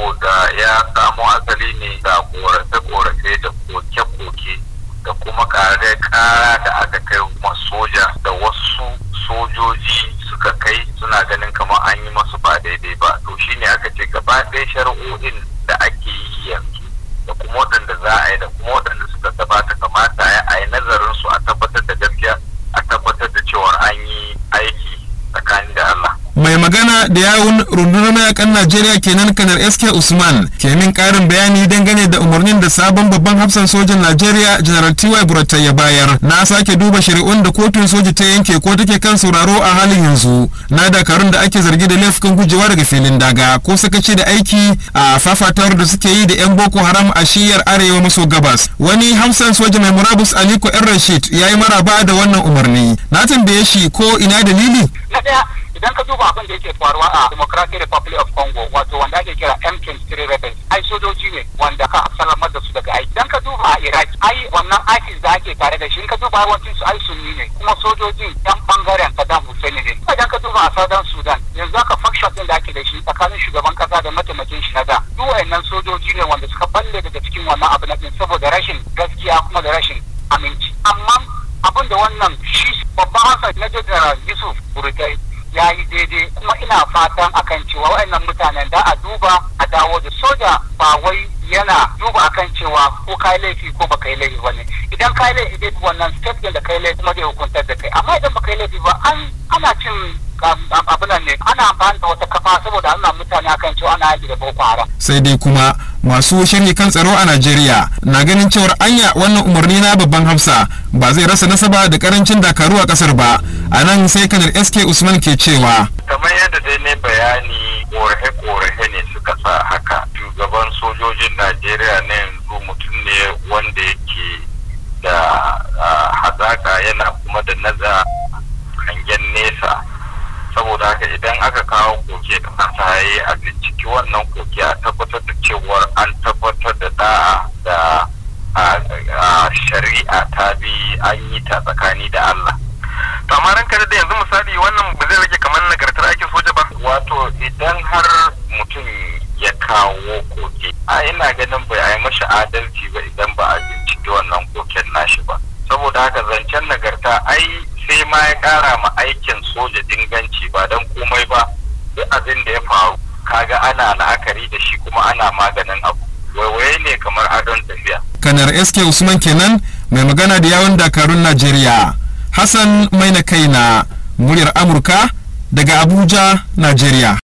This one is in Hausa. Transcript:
saboda ya samu asali ne da korafe-korafe da koke-koke da kuma kare kara da aka kai ma soja da wasu sojoji suka kai suna ganin kamar an yi masu ba daidai ba to shine aka ce gaba ɗaya shari'o'in da ake yi yanzu da kuma waɗanda za a yi da kuma magana da yawun rundunar mayakan najeriya kenan kanar sk usman ke min karin bayani dangane da umarnin da sabon babban hafsan sojan najeriya general ty burata ya bayar na sake duba shari'un da kotun soji ta yanke ko take kan sauraro a halin yanzu na dakarun da ake zargi da laifukan gujewa daga filin daga ko sakaci da aiki a fafatawar da suke yi da yan boko haram a shiyar arewa maso gabas wani hafsan soja mai murabus aliko yan rashid ya yi maraba da wannan umarni na tambaye shi ko ina dalili idan ka duba abin da yake faruwa a Democratic Republic of Congo wato wanda ake kira M23 rebels ai sojoji ne wanda ka salamar da su daga aiki idan ka duba a Iraq ai wannan ISIS da ake tare da shi in ka duba yawancin su ai sunni ne kuma sojojin yan bangaren Saddam Hussein ne idan ka duba a Southern Sudan yanzu aka faction din da ake da shi tsakanin shugaban kasa da mataimakin shi na da duk wayannan sojoji ne wanda suka balle daga cikin wannan abu na din saboda rashin gaskiya kuma da rashin aminci amma abin da wannan shi babban hasa na general Yusuf Burtai ya yi daidai kuma ina fatan akan cewa waɗannan mutanen da a duba a dawo da soja ba wai yana duba akan cewa ko kai laifi ko bakai kai laifi ne idan kai laifi dai wannan step da kai laifi kuma zai hukuntar da kai amma idan baka kai laifi ba an ana cin abinan ne ana amfani da wata kafa saboda ana mutane akan cewa ana yaki da boko haram sai dai kuma masu shirye kan tsaro a Najeriya na ganin cewar anya wannan umarni na babban hafsa ba zai rasa nasaba da karancin dakaru a kasar ba a nan sai kanar SK Usman ke cewa kamar yadda dai ne bayani korahe-korahe ne suka sa haka shugaban sojojin Najeriya ne saboda haka idan aka kawo koke da ya yi a binciki wannan koke a tabbatar da cewar an tabbatar da da'a da shari'a ta bi an yi ta tsakani da Allah. kamar amma kada da yanzu misali wannan ba zai rage kamar nagartar aikin soja ba. wato idan har mutum ya kawo koke a ina ganin bai a yi mashi adalci ba idan ba a binciki wannan koken nashi ba saboda haka zancen nagarta ai ma ya kara ma aikin soja inganci ba don komai ba duk abin da ya faru kaga ana la'akari da shi kuma ana maganin abu waiwaye ne kamar adon tafiya. kanar sk usman kenan mai magana da yawon dakarun najeriya hassan maina na muryar amurka daga abuja najeriya